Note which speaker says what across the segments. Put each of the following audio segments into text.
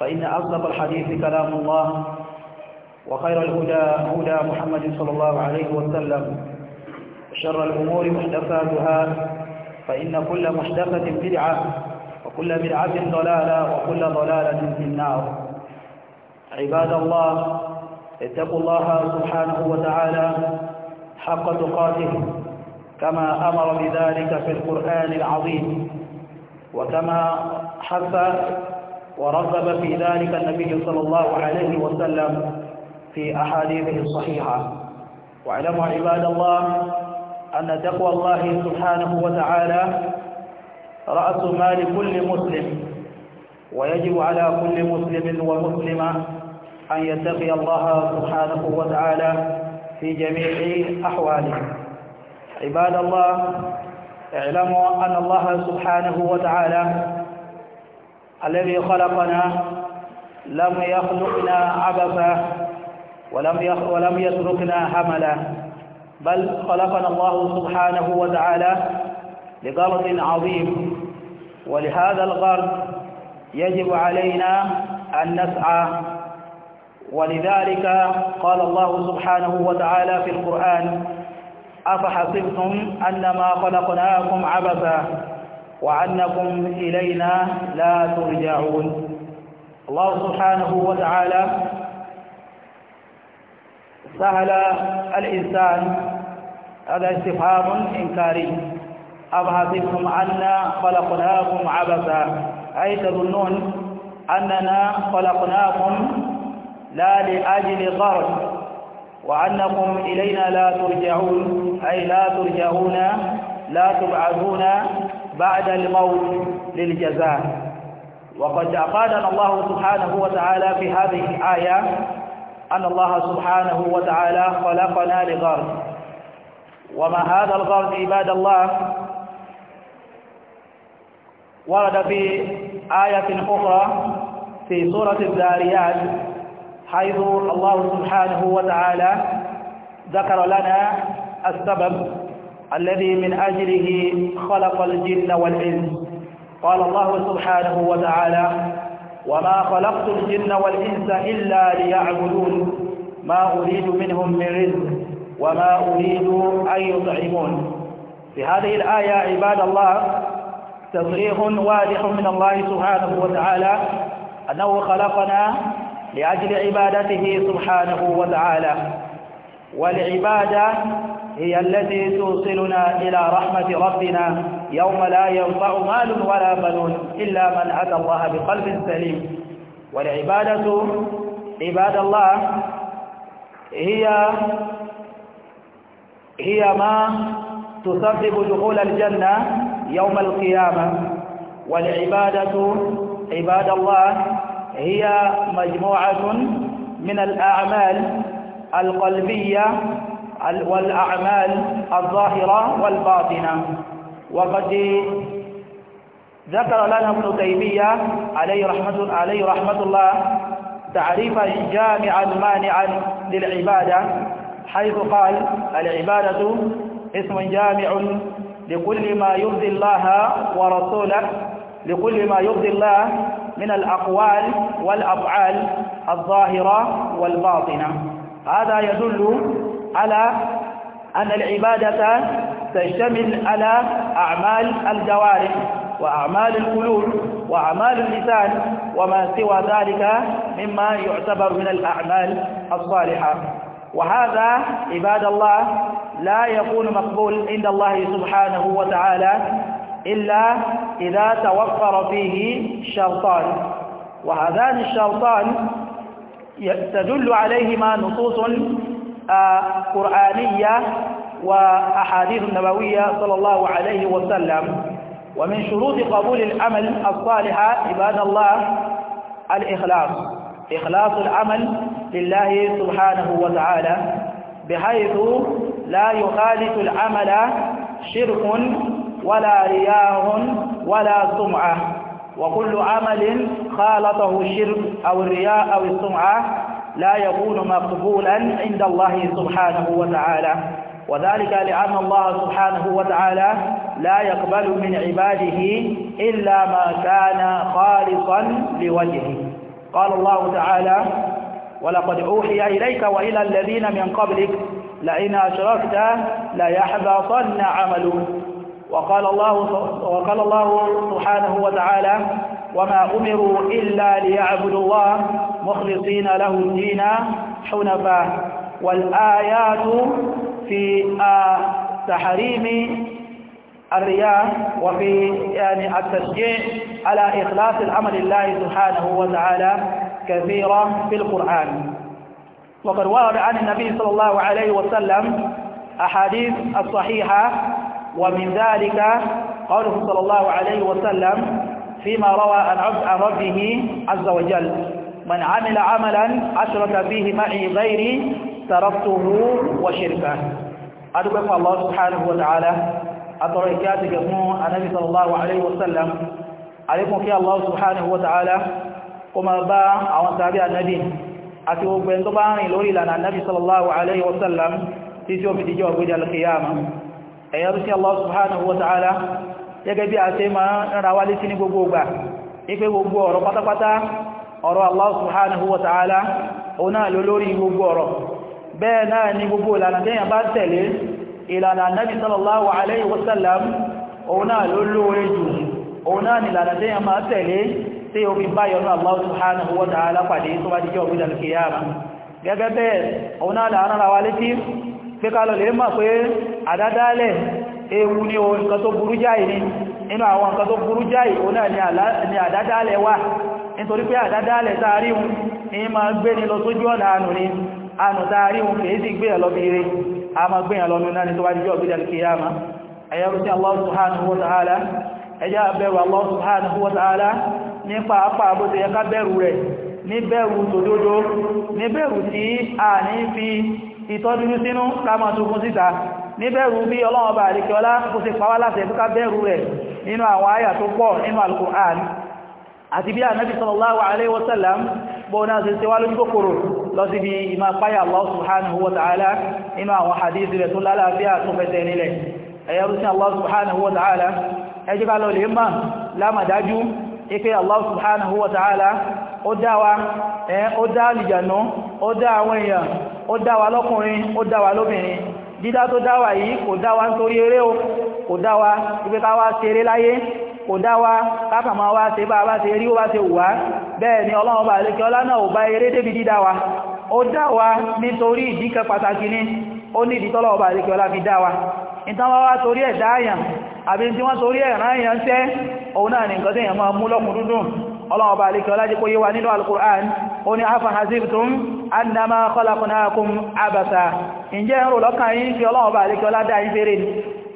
Speaker 1: فإن أصدق الحديث كلام الله وخير الهدى هدى محمد صلى الله عليه وسلم شر الأمور محدثاتها فإن كل محدثة بدعة وكل بدعة ضلالة وكل ضلالة في النار عباد الله اتقوا الله سبحانه وتعالى حق تقاته كما أمر بذلك في القرآن العظيم وكما حث ورغب في ذلك النبي صلى الله عليه وسلم في أحاديثه الصحيحة واعلموا عباد الله أن تقوى الله سبحانه وتعالى رأس مال كل مسلم ويجب على كل مسلم ومسلمة أن يتقي الله سبحانه وتعالى في جميع أحواله عباد الله اعلموا أن الله سبحانه وتعالى الذي خلقنا لم يخلقنا عبثا ولم ولم يتركنا هملا بل خلقنا الله سبحانه وتعالى لغرض عظيم ولهذا الغرض يجب علينا أن نسعى ولذلك قال الله سبحانه وتعالى في القرآن أفحسبتم أنما خلقناكم عبثا وأنكم إلينا لا ترجعون الله سبحانه وتعالى سهل الإنسان هذا استفهام إنكاري أفحسبتم أنا خلقناكم عبثا أي تظنون أننا خلقناكم لا لأجل ضرب وأنكم إلينا لا ترجعون أي لا ترجعون لا تبعثون بعد الموت للجزاء وقد أفادنا الله سبحانه وتعالى في هذه الآية أن الله سبحانه وتعالى خلقنا لغرض وما هذا الغرض عباد الله ورد في آية أخرى في سورة الزاريات حيث الله سبحانه وتعالى ذكر لنا السبب الذي من أجله خلق الجن والإنس قال الله سبحانه وتعالى وما خلقت الجن والإنس إلا ليعبدون ما أريد منهم من رزق وما أريد أن يطعمون في هذه الآية عباد الله تصريح واضح من الله سبحانه وتعالى أنه خلقنا لأجل عبادته سبحانه وتعالى والعبادة هي التي توصلنا إلى رحمة ربنا يوم لا ينفع مال ولا بنون إلا من أتى الله بقلب سليم والعبادة عباد الله هي هي ما تسبب دخول الجنة يوم القيامة والعبادة عباد الله هي مجموعة من الأعمال القلبية والأعمال الظاهرة والباطنة وقد ذكر لنا ابن تيمية عليه رحمة, عليه رحمة الله تعريفا جامعا مانعا للعبادة حيث قال العبادة اسم جامع لكل ما يرضي الله ورسوله لكل ما يرضي الله من الأقوال والأفعال الظاهرة والباطنة هذا يدل على أن العبادة تشتمل على أعمال الجوارح وأعمال القلوب وأعمال اللسان وما سوى ذلك مما يعتبر من الأعمال الصالحة وهذا عباد الله لا يكون مقبول عند الله سبحانه وتعالى إلا إذا توفر فيه شرطان وهذان الشرطان تدل عليهما نصوص قرآنية وأحاديث نبوية صلى الله عليه وسلم ومن شروط قبول العمل الصالح عباد الله الإخلاص إخلاص العمل لله سبحانه وتعالى بحيث لا يخالف العمل شرك ولا رياء ولا سمعة وكل عمل خالطه الشرك أو الرياء أو السمعة لا يكون مقبولا عند الله سبحانه وتعالى وذلك لأن الله سبحانه وتعالى لا يقبل من عباده إلا ما كان خالصا لوجهه قال الله تعالى ولقد أوحي إليك وإلى الذين من قبلك لئن أشركت ليحبطن عملك وقال الله وقال الله سبحانه وتعالى وما أمروا إلا ليعبدوا الله مخلصين له الدين حنفا والآيات في آه، تحريم الرياء وفي يعني التشجيع على إخلاص الأمر الله سبحانه وتعالى كثيرة في القرآن وقد ورد عن النبي صلى الله عليه وسلم أحاديث الصحيحة ومن ذلك قوله صلى الله عليه وسلم فيما روى عن ربه عز وجل من عمل عملا أشرك به معي غيري تركته وشركه أدوك الله سبحانه وتعالى أتركات جمهور النبي صلى الله عليه وسلم عليكم يا الله سبحانه وتعالى كما باع أو تابع النبي àti gbogbo ẹni tó bá rìn lórí ìlànà annabi sallallahu alaihi wasallam tí tí ó fi dìjọ́ ọgbẹ́dẹ̀ alkiyama gẹ́gẹ́ bí a ṣe máa ń ra wá létí ní gbogbo ìgbà ipé gbogbo ọ̀rọ̀ pátápátá ọ̀rọ̀ Allah subhanahu wa ta'ala òun náà ló lórí gbogbo ọ̀rọ̀ bẹ́ẹ̀ náà ni gbogbo ìlànà tẹ́yàn bá tẹ̀lé ìlànà nabi sallallahu alaihi wasallam òun náà ló lóore jù òun náà ni ìlànà tẹ́yàn máa tẹ̀lé tí ó fi ewu ni o nkan to buru jáì ní inú àwọn nǹkan tó burú o na ni àdádálẹ̀ wa ma gbe ni ànù tààríhun kìí sì a ma gbe ni tó wá jíjọ́ ọ̀gbídà Allah subhanahu wa ta'ala Allah subhanahu wa ta'ala a ni níbẹ̀rù bí ọlọ́wọ́ bá àríkẹ́ọlá kó ṣe pàwà láti ẹ̀bùká bẹ̀rù rẹ̀ nínú àwọn àyà tó pọ̀ nínú al-Qur'an àti bí ànábì sallallahu alaihi wasallam bó náà ṣe ṣe wá lójú kòkòrò lọ sí bí ìmá páyà Allah subhanahu wa ta'ala nínú àwọn hadith rẹ̀ tó lálàáfíà tó fẹsẹ̀ nílẹ̀ ẹ̀yẹrú sí Allah subhanahu wa ta'ala ẹjẹ́ ká lọ lè mọ̀ lámàdájú ó dá àwọn èèyàn ó dá wa lọ́kùnrin ó dá wa lóbìnrin dídá tó dáwà yìí kò dáwà nítorí eré o kò dáwà ibi ká wá ṣeré láyé kò dáwà kákàmá wá ṣe bá bá ṣe rí ó bá ṣe wà bẹ́ẹ̀ ni ọlọ́run bá lè kí ọlá náà ò bá eré débi dídáwà ó dáwà nítorí ìdíkẹ pàtàkì ní ó ní ìdí tọ́lọ́run bá lè kí ọlá fi dáwà ìtàwọn wá torí ẹ̀ dáyàn àbí tí wọ́n torí ọlọ́ọ̀bá alékẹ́ ọlájíkó yíwa nínú alkùrán ó ní afa hazibtum annama khalaqnakum abasa ǹjẹ́ ẹ̀rọ lọ́kàn yí fi ọlọ́ọ̀bá alékẹ́ ọlá dáyí fèrè ní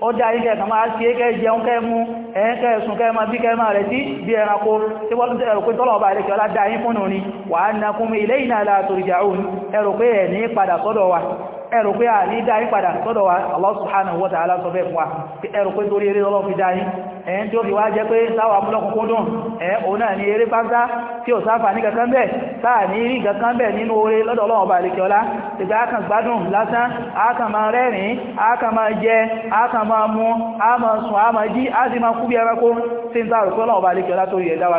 Speaker 1: ó dáyí kẹ́ kàmá sí ẹkẹ́ jẹun kẹ́ mú ẹ̀ẹ́kẹ́ ẹ̀sùn kẹ́ ma bí kẹ́ máa rẹ̀ sí bí ẹranko tí wọ́n tẹ́ ẹ̀rùkú ẹ̀rù pé a ní dáyí padà sọ́dọ̀ wa Allah subhanahu wa ta'ala sọ bẹ́ fún wa ẹ̀rù pé torí eré lọ́lọ́ fi dáyí ẹ̀yìn tí ó fi wá jẹ́ pé sáwà múlọ́kùnkún dùn ẹ̀ òun náà ni eré pátá tí ó sáfà ní kankan bẹ́ẹ̀ sáà ní rí kankan bẹ́ẹ̀ nínú oore lọ́dọ̀ Ọlọ́run ọba àlekẹ́ọlá ìgbà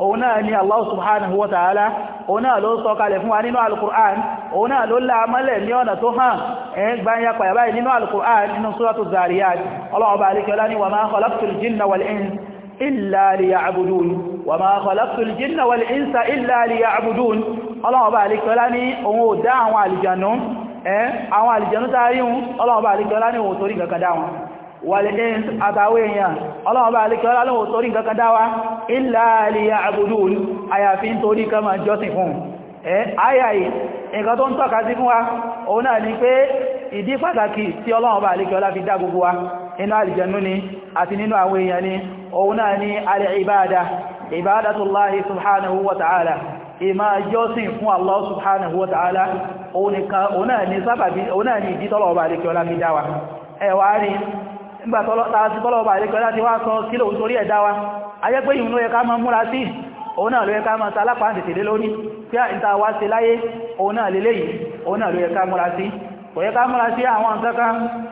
Speaker 1: òun náà ni Allah subhanahu wa ta'ala òun náà ló sọ kalẹ̀ fún wa nínú al-Qur'an òun náà ló láàmọ́lẹ̀ ní ọ̀nà tó hàn ẹ̀yìn gbáyà pàyà báyìí nínú al-Qur'an nínú suratu Zariyat ọlọ́ọ̀bà alikẹ́lá ni wa ma khalaqtul jinna wal insa illa liya'budun wa ma khalaqtul jinna wal insa illa òun ò dá àwọn àlìjànú ọlọ́ọ̀bà alikẹ́lá ni òun torí kankan dá wọn wale àtàwé èèyàn ọlọ́wọ́ bá alékẹ́ ọlọ́wọ́ torí nǹkan dáwá illa liya'budun àyàfi ń torí ká máa jọ́sìn fún ẹ̀ ayayi nǹkan tó ń tọ́ka sí fún wa òun náà ni pé ìdí pàtàkì tí ọlọ́wọ́ bá alékẹ́ ọlá fi dá gbogbo wa ìmá jọ́sìn fún Allah subhanahu wa ta'ala òun náà ni sábàbí òun náà ni ọba àríkẹ́ ọlá fi rí nígbà tọ́lọ́ ọba àríkọ́ láti wá sọ kílò torí ẹ̀dá wa ayẹ́ pé ìhun ló yẹ ká máa múra sí òun náà ló yẹ ká máa sa alápàá tètè lé lórí tí a ìta wá sí láyé òun náà lélẹ́yìí òun náà ló yẹ ká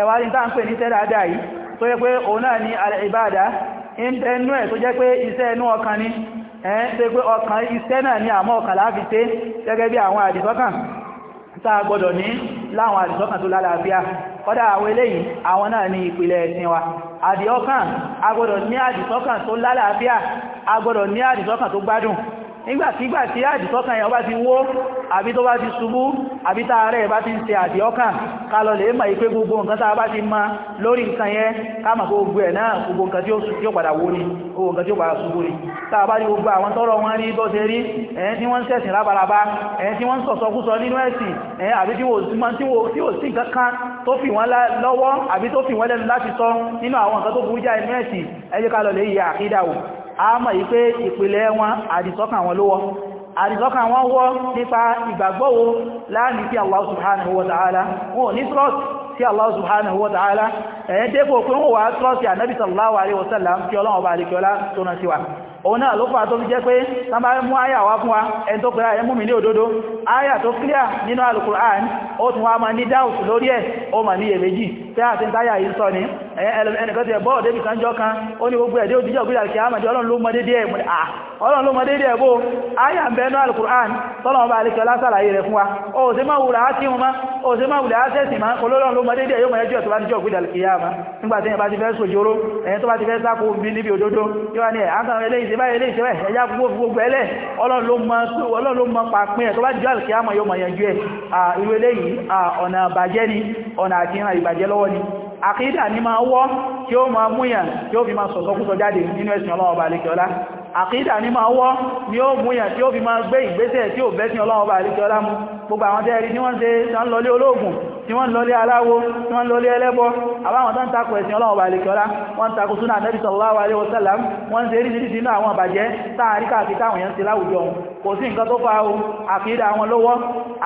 Speaker 1: ẹ̀wà rí ń pè ní tẹ́ yìí tó yẹ pé òun náà ni al-ibada ẹnu ẹ̀ tó jẹ́ pé iṣẹ́ ẹnu ọkàn ni ẹ̀ẹ́n tó pé ọkàn iṣẹ́ náà ni àmọ́ ọkàn láàfi tẹ́ gẹ́gẹ́ bí àwọn àdìsọ́kàn táà gbọdọ̀ ní láwọn àdìsọ́kàn tó lálàáfíà kọ́dá àwọn eléyìí àwọn náà ni ìpìlẹ̀ ẹ̀sìn wa àdìọ́kàn agbọ́dọ̀ ní àdìsọ́kàn tó lálàáfíà nígbàtígbà tí àdìsọ́kàn èèyàn bá ti wó àbí tó bá ti ṣubú àbí tààrẹ bá ti ń ṣe àdìọ́kàn kálọ lè mọ̀ ipé gbogbo nǹkan tàà bá ti ma lórí nǹkan yẹn káàmà gbogbo ẹ̀ náà gbogbo nǹkan tí ó padà wó ni owó nǹkan tí ó padà ṣubú ni tàà bá ní gbogbo àwọn tọ́rọ wọn rí bọ́ ṣe rí ẹ̀yẹn tí wọ́n ń ṣẹ̀sìn lábalábá ẹ̀yẹn tí wọ́n ń sọ̀sọkúsọ nínú ẹ̀sìn ẹ̀yẹn àbí tí ò sí nǹkan kan tó fi wọ́n lọ́wọ́ àbí a mọ̀ yí pé ìpìlẹ̀ wọn àdìsọ́kàn wọn ló wọ́ àdìsọ́kàn wọn wọ́ nípa ìgbàgbọ́wò láàrin sí Allah subhanahu wa ta'ala wọn ò ní trust sí Allah subhanahu wa ta'ala ẹ̀yẹn dépò pé wọ́n òun náà ló fà tó fi jẹ́ pé tánbà mú àyà wá fún wa ẹni tó pẹ̀lá ẹmú mi ní òdodo àyà tó clear nínú al ó tún wá ma ní dáùsù lórí ẹ̀ ó ma ní iyèméjì tẹ́ àti táyà yìí sọ ni ẹnìkan ti ẹ̀ bọ́ọ̀dé kan jọ kan ó ní gbogbo ẹ̀dẹ́ òjíjọ́ gbígbà kí a mọ̀ tí ọlọ́run ló mọ dédé ẹ̀ mọ̀ à ọlọ́run ló mọ dédé ẹ̀ bó ayà ń bẹnu alukur'an tọ́lọ̀wọ́n bá alẹ́kẹ́ lásàlàyé rẹ̀ fún wa ó sì máa wùlà á sí wọn má ó a mọ̀ nígbà tí ẹ bá ti fẹ́ sojoro ẹ̀yẹn tó bá ti fẹ́ sáko bí níbi òdodo yóò ní ẹ̀ àkàn eléyìí sí báyìí eléyìí sí báyìí ẹ̀yà gbogbo ẹlẹ́ ọlọ́run ló mọ pàpín ẹ̀ tó bá ti jọ àlùkí àmọ̀ ni ọ̀nà àti ìrìn àìbàjẹ́ wọ́ ni àkídà ní máa wọ́ tí ó máa múyàn tí ó fi máa sọ̀sọ́kúsọ jáde nínú ẹ̀sìn ọlọ́wọ́ bá alékiọlá àkídà ní máa wọ́ ni ó múyàn tí ó fi máa gbé ìgbésẹ̀ tí ó bẹ́sìn ọlọ́wọ́ bá alékiọlá mú gbogbo àwọn tẹ́ẹ̀rí tí wọ́n ṣe tán lọlé ológun tí wọ́n lọlé aláwo tí wọ́n lọlé ẹlẹ́bọ àbáwọn tán takò ẹ̀sìn ọlọ́wọ́ bá alékiọlá wọ́n takò súnà nẹ́bí sallallahu alaihi wasallam wọ́n ṣe rí sínú àwọn àbàjẹ́ táàrí káàkiri táwọn èèyàn ṣe láwùjọ kò sí nǹkan tó fa ohun àkídà àwọn lọ́wọ́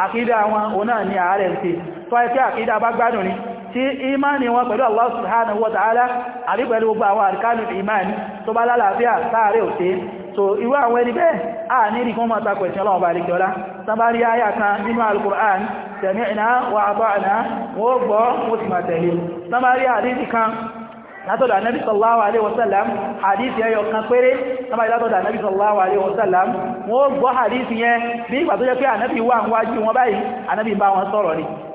Speaker 1: àkídà àwọn òun ni ààrẹ ń ṣe tó ẹkẹ́ àkídà bá gbádùn ni tí imani wọn pẹ̀lú Allah subhanahu wa ta'ala àbí pẹ̀lú gbogbo àwọn àríkánù imani tó bá lálàáfíà sáàrẹ̀ òtẹ́ so irú àwọn ẹni bẹ́ẹ̀ a ní rí kún mọ́ takọ̀ ìsìn ọlọ́wọ́ bá lẹ́kẹ́ ọlá sábárí ayà kan nínú al-Qur'an sami'na wa ata'na wọ́n gbọ́ mo sì máa tẹ̀lé sábárí àdíjì kan látọ̀dọ̀ ànábì sallallahu alaihi wasallam hadithi ẹyọ kan péré tọ́bá ìlátọ̀dọ̀ ànábì sallallahu alaihi wasallam wọ́n gbọ́ hadithi yẹn bí ìgbà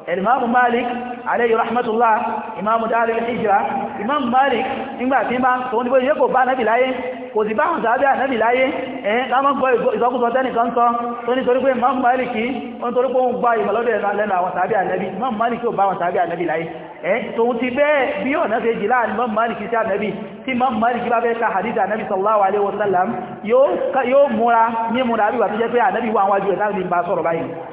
Speaker 1: Imam Malik alayhi rahmatullah Imam Darul Hijra Imam Malik nígbà tí máa ń sọ ní bóyí yóò kò bá náàbì láyé kò sí bá àwọn sàábẹ́ ànábì láyé ẹ̀yẹn ká máa ń gbọ́ ìsọkúsọ tẹ́nìkan sọ tó ní torí pé Imam Malik ó ń torí pé òun gba ìmọ̀lọ́dẹ̀ lẹ́nu àwọn sàábẹ́ ànábì Imam Malik ò bá àwọn sàábẹ́ ànábì láyé ẹ̀ tòun ti bẹ́ẹ̀ bí ọ̀nà ṣe jì láàrin Imam Malik sí ànábì tí Imam Malik bá bẹ́ẹ̀ ka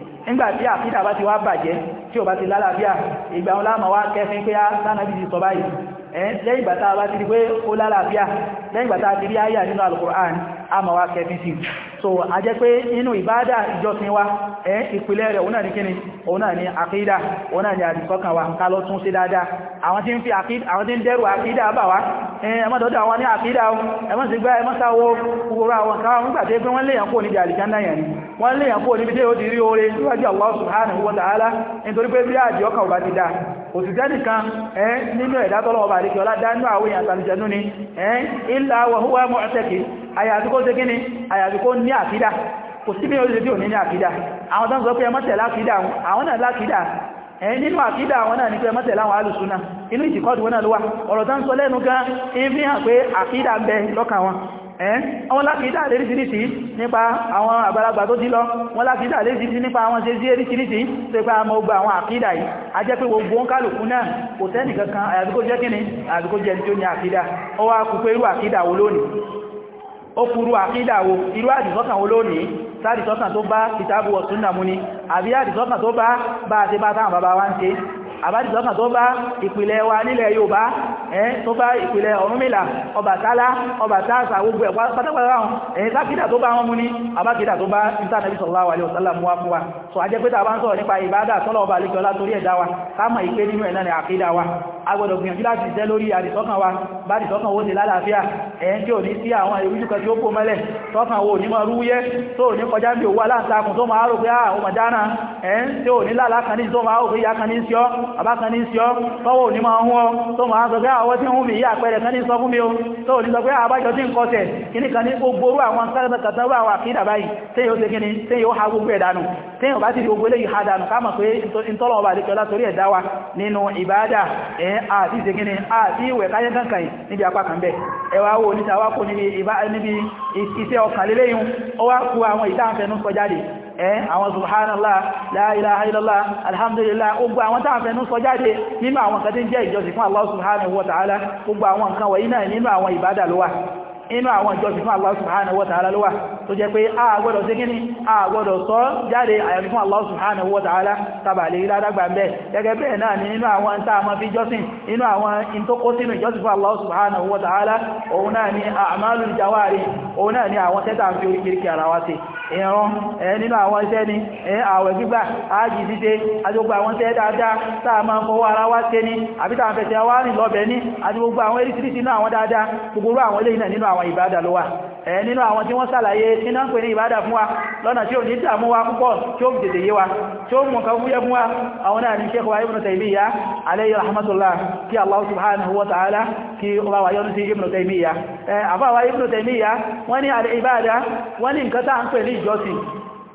Speaker 1: nígbàtí àkídà bá ti wá bàjẹ́ tí ò bá ti lálàáfíà ìgbà wọn láàmà wá kẹfin pé ah, á sánàbí ti sọ báyìí Eh, lẹ́yìn ìgbà tá a bá ti rí pé ó lálàáfíà lẹ́yìn ìgbà ti rí àyà nínú alukur'an a ma wá kẹfí sí so a jẹ́ pé inú ìbádà ìjọsìn wá. ẹ́ eh, ìpìlẹ̀ rẹ̀ òun ní kíni òun ní àkídà òun wa ká lọ tún sí dáadáa àwọn tí ń fi àkídà eh, àwọn òsìsẹ́nìkan ẹ́ nínú ẹ̀dá tọ́lọ́ọ̀bà àríkẹ́ ọlá dánú àwọn èèyàn tàbíjẹnú ni ẹ́ ìlà wọ̀húwà mọ́ ọ̀tẹ́kì àyàfikó ṣe kíni àyàfikó ní àfídà kò sí bí ó lè bí òní ní àfídà àwọn tán sọ pé ẹmọ́tẹ̀ láfídà àwọn náà láfídà ẹ̀yìn nínú àkídà àwọn náà ní pé ẹmọ́tẹ̀ láwọn alùsùnà inú ìtìkọ́dù wọn náà ló wà ọ̀rọ̀ tán sọ lẹ́nu gan ń fi hàn pé àkídà ń ẹ́n àwọn lákìídà lè ríṣìíríṣìí nípa àwọn àgbàlagbà tó ti lọ wọ́n lákìídà lè ríṣìíríṣìí nípa àwọn ṣe sí ríṣìíríṣìí tó pé a mọ́ gbà àwọn àkídà yìí a jẹ́ pé gbogbo ń kálùkù náà kò tẹ́nì kankan àyàbíkó jẹ́ kíni àyàbíkó jẹ́ tí ó ní àkídà ó wá kú pé irú àkídà wo lónìí ó kúrú àkídà wo irú àdìsọ́kàn wo lónìí sáàdìsọ́kàn tó bá kìtàbù ọ̀tún nàmúni àbí àdìsọ́kàn tó bá bá a ṣe bá táwọn bàbá wa ń àbádìsọ́kàn tó bá ìpìlẹ̀ wa nílẹ̀ Yorùbá ẹ̀ tó bá ìpìlẹ̀ Ọ̀rúnmìlà Ọbàtálá Ọbàtáàsà gbogbo ẹ̀ pátápátá ẹ̀yìn sákìdà tó bá wọn mú ní sallallahu alaihi wasallam mú so a jẹ́ pé tàbá ń sọ̀rọ̀ nípa ìbádà tọ́lọ̀ ọba àlejò ọlá torí ẹ̀dá wa ká mọ̀ ìpé nínú ẹ̀ wa a gbọ́dọ̀ wa bá àdìsọ́kàn owó ti lálàáfíà ẹ̀yìn tí ò ní sí àwọn ìrújú kan tí ó kó mẹ́lẹ̀ tọ́kàn owó ní mọ̀ rúwúyẹ́ tó ní kọjá bí àbákan ní sí ọ tọ́wọ́ òní máa ń hún ọ tó máa sọ pé àwọ́ ah, tí ń hún mi yí àpẹẹrẹ kan ní sọ fún mi o tó òní sọ pé àbájọ ah, tí ń kọsẹ̀ kíní kan ní gbogbo orú àwọn kátàkátà wà wà kídà báyìí tí yóò ṣe kíní tí yóò ha gbogbo ẹ̀dánù tí yóò bá ti gbogbo eléyìí ha dànù ká mọ̀ pé ìtọ́lọ̀ ọba àdékẹ́ látorí ẹ̀dá wa nínú ìbáadà ẹ̀ àti ṣe kíní àti ìwẹ̀ káyẹ́ kankan níbi apá kan bẹ́ẹ̀ ẹwà wo níta wá kó níbi iṣẹ́ ọkàn lélẹ́yìn ó ẹ́ àwọn subhanallah la ilaha illallah alhamdulillah gbogbo àwọn tààfẹ́ ní sọ jáde nínú àwọn kan tí ń jẹ́ ìjọsìn fún Allah subhanahu wa ta'ala gbogbo àwọn nǹkan wọ̀nyí náà nínú àwọn ìbádà ló inú àwọn ìjọsìn fún Allah subhanahu wa ta'ala ló wà tó jẹ́ pé a gbọ́dọ̀ sí kíní a gbọ́dọ̀ sọ jáde àyàfi fún Allah subhanahu wa ta'ala tàbà lè ládàgbà ń bẹ́ gẹ́gẹ́ bẹ́ẹ̀ náà ni inú àwọn tá a mọ́ fi jọ́sìn inú àwọn ìntókó sínú ìjọsìn fún Allah subhanahu wa ta'ala òun náà ni a'malul jawari òun náà ni àwọn tẹ́ta fi orí kiri ara wa sí ìran nínú àwọn iṣẹ́ ni àwẹ̀ gbígbà ájì síse àwọn ìbádà ló wà ẹ̀ nínú àwọn tí wọ́n sàlàyé nínú ń pè ní ìbádà fún wa lọ́nà tí ò ní dàmú wa púpọ̀ tí ó tètè yé wa tí ó mú nǹkan fúyẹ́ fún wa àwọn náà ní Sheikh wa Ibn Taymiyyah Allah subhanahu wa ta'ala kí ó bá wa yọ́nú sí Ibn Taymiyyah àbá wa Ibn Taymiyyah wọ́n ní àlẹ́ ìbádà wọ́n ní nǹkan tá à ń pè ní ìjọsìn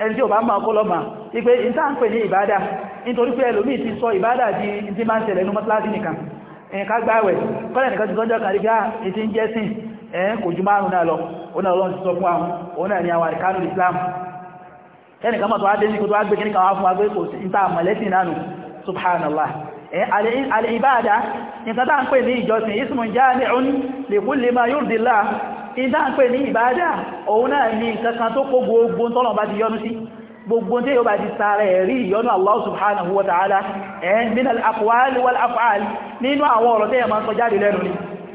Speaker 1: ẹni tí ò bá máa kọ́ lọ́mà ìpé ìta ń pè ní ìbádà nítorí pé ẹlòmíì ti sọ ìbádà ẹ̀ kò ju márùn náà lọ ọ̀nà ọlọ́run ti sọ fún àwọn ọ̀nà ni àwọn àríkánù Islam ẹnìkan mọ̀ tó wá dé ní kò tó wá gbé kíníkà wá fún agbé kò sí ìta àmọ̀lẹ́sìn náà nù subhanallah al'ibada nǹkan tá ń pè ní ìjọsìn ismun jami'un li kulli ma yurdillah in tá ń pè ní ìbádà òun náà ní kankan tó kó gbogbo tọ́lọ̀ bá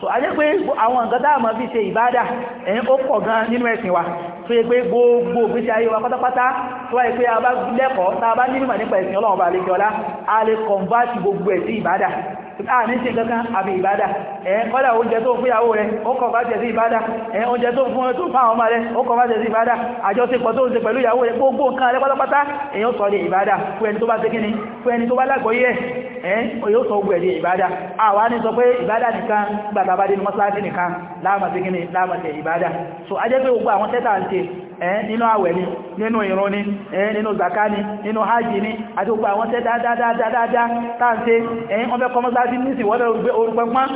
Speaker 1: so a jẹ́ pé àwọn nǹkan tá a máa fi ṣe ìbádà ẹ̀yìn ó pọ̀ gan nínú ẹ̀sìn wa tó yẹ pé gbogbo ìgbésí ayé wa pátápátá tó wáyé pé a bá lẹ́kọ̀ọ́ tá a bá nílùmọ̀ nípa ẹ̀sìn ọlọ́run bá a lè kọ̀ǹbáàtì gbogbo ẹ̀sìn ìbádà láàrin ṣe kankan àbí ìbádà ẹ̀yìn kọ́dà oúnjẹ tó fún ìyàwó rẹ̀ ó kọ̀ bá jẹ sí ìbádà ẹ̀yìn oúnjẹ tó fún ẹ̀tún fún àwọn ọmọ rẹ̀ ó kọ̀ bá jẹ sí ìbádà àjọṣepọ̀ tó ń ṣe pẹ̀lú ìyàwó rẹ̀ gbogbo nǹkan rẹ̀ pátápátá èyàn sọ ìbádà fún ẹni tó bá ṣe kíni fún ẹni tó bá lágbọ́yé Eh, yóò sọ ogun ẹ̀dẹ̀ ìbádá àwa ní sọ pé ìbádá nìkan gbàtàbá dínú mọ́sálásí nìkan láàmàtí gíní láàmàtí ìbádá so a jẹ́ pé gbogbo àwọn tẹ́ta ń tẹ́ eh, nínú àwẹ̀ ni nínú ìrun ni eh, nínú zaka ni nínú hajji ni àti gbogbo àwọn tẹ́ dáadáadáa táàntẹ́ ọmọ ẹkọ mọ́sáájú nísìn wọ́n bẹ̀rẹ̀ orúpẹ́pọ́n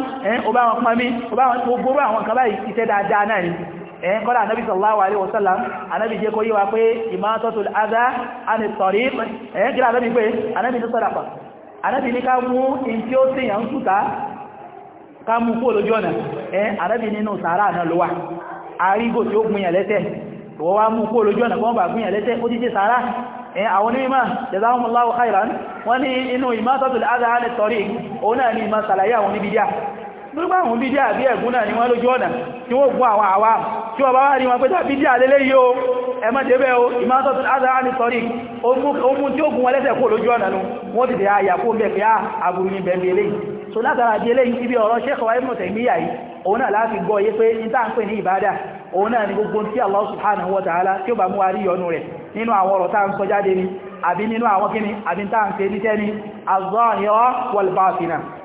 Speaker 1: ànábì ní ká mú in tí ó tèyàn ń súta ká mú kó lójú ọ̀nà ẹ́ ànábì nínú sàárà náà ló wà àrígò tí ó gbìyàn lẹ́sẹ̀ wọ́n wá mú kó lójú ọ̀nà kọ́n bà gbìyàn lẹ́sẹ̀ ó ti ṣe sàárà ẹ àwọn onímọ̀ jazahumullahu nígbà àwọn bídí àbí ẹ̀gún náà ni wọ́n lójú ọ̀nà tí wọ́n gún àwọn àwá tí wọ́n bá wá rí wọn pé tàbí díà lélẹ́ yóò ẹmọ́débẹ̀ o ìmọ́sọ́tún azara ní sọ́rí ohun tí ó gún wọn lẹ́sẹ̀ kó lójú ọ̀nà nù wọ́n ti dẹ̀ àyà kó mẹ́ pé àbúrú ah, ní bẹ̀mí eléyìí so látara di eléyìí ibi ọ̀rọ̀ sẹ́kọ̀ọ́ ẹmọ̀tẹ̀ níyà yìí òun náà láti gbọ́ yé pé ní táà ń pè ní ìbádà òun náà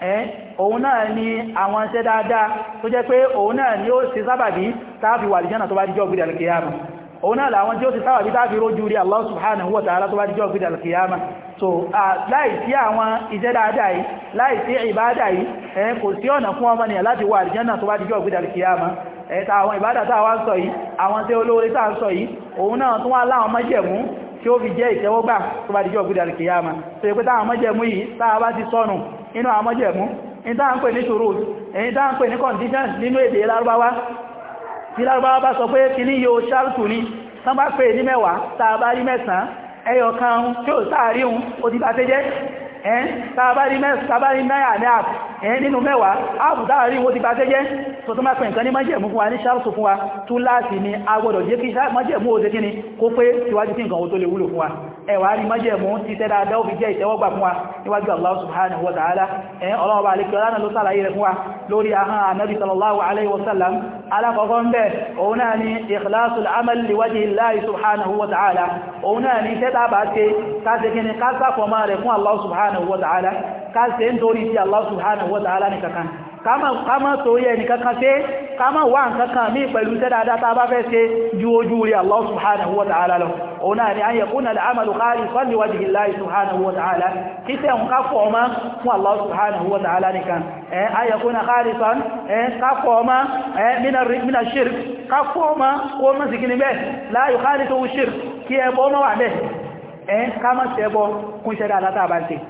Speaker 1: ẹ́ òun náà ni àwọn iṣẹ́ dáadáa tó jẹ́ pé òun náà ni ó ṣe sábàbí tàbí wà lìjánà tó bá díjọ́ gbìdà alkiyama òun náà làwọn tí ó ṣe sábàbí tàbí rójú rí Allah subhanahu wa ta'ala tó bá díjọ́ gbìdà alkiyama so láì sí àwọn iṣẹ́ dáadáa yìí láì sí ìbádà yìí ẹ̀ kò sí ọ̀nà fún ọmọnìyàn láti wà lìjánà tó bá díjọ́ gbìdà alkiyama ẹ̀ta àwọn ìbádà táà wá ń sọ yìí àwọn tí olóore táà ń sọ yìí òun náà tún tí ó fi jẹ́ ìtẹ́wọ́gbà tó bá dìjọ́ ògbìdà kìyàmà tó yẹ pé táwọn mọ́jẹ̀mú yìí táà bá ti sọnù inú àwọn mọ́jẹ̀mú in táà ń pè ní ṣòro èyí táà ń pè ní conditions nínú èdè lárúbáwá tí lárúbáwá bá sọ pé kí ní yóò ṣàrùtù ní tán bá pè ní mẹ́wàá táà bá rí mẹ́sàn-án ẹyọ kan tí ó sáà un ó ti bá tẹ́jẹ́ ẹ́n tàbárí náírà ní ààbù ẹ́n nínú mẹ́wàá ààbù dáàrí wọ́n ti bá jẹ́jẹ́ tó tó máa pẹ̀ nǹkan ní májẹ̀mú fún wa ní ṣàrùsù fún wa tún láti ní agbọ́dọ̀ jẹ́ kí májẹ̀mú ó jẹ́ kí ni kó pé síwájú kí nǹkan ó tó lè wúlò fún wa ẹwà rí májẹ̀mú ti tẹ́ dáadáa ó fi jẹ́ ìtẹ́wọ́gbà fún wa níwájú Allah subhanahu wa ta'ala ẹ̀yìn ọlọ́ọ̀bá alẹ́kẹ́ ọlá náà ló sàlàyé rẹ̀ fún wa lórí ahán anábì sallallahu alaihi wasallam alákọ̀ọ́kọ́ ń bẹ̀ òun náà ni ikhlasul amal liwajhi Allah subhanahu wa ta'ala òun náà ká má tó yẹ nìkan kan ṣe ká má wá nǹkan kan ní pẹ̀lú iṣẹ́ dáadáa tá a bá fẹ́ ṣe ju ojú rí Allah subhanahu wa ta'ala lọ òun náà ni an yakuna al-amalu khalisan li wajhi Allah subhanahu wa ta'ala kí tẹ̀ ń káfọ́ ọmọ fún Allah subhanahu wa ta'ala mọ́ sí kí kún iṣẹ́ dáadáa tá a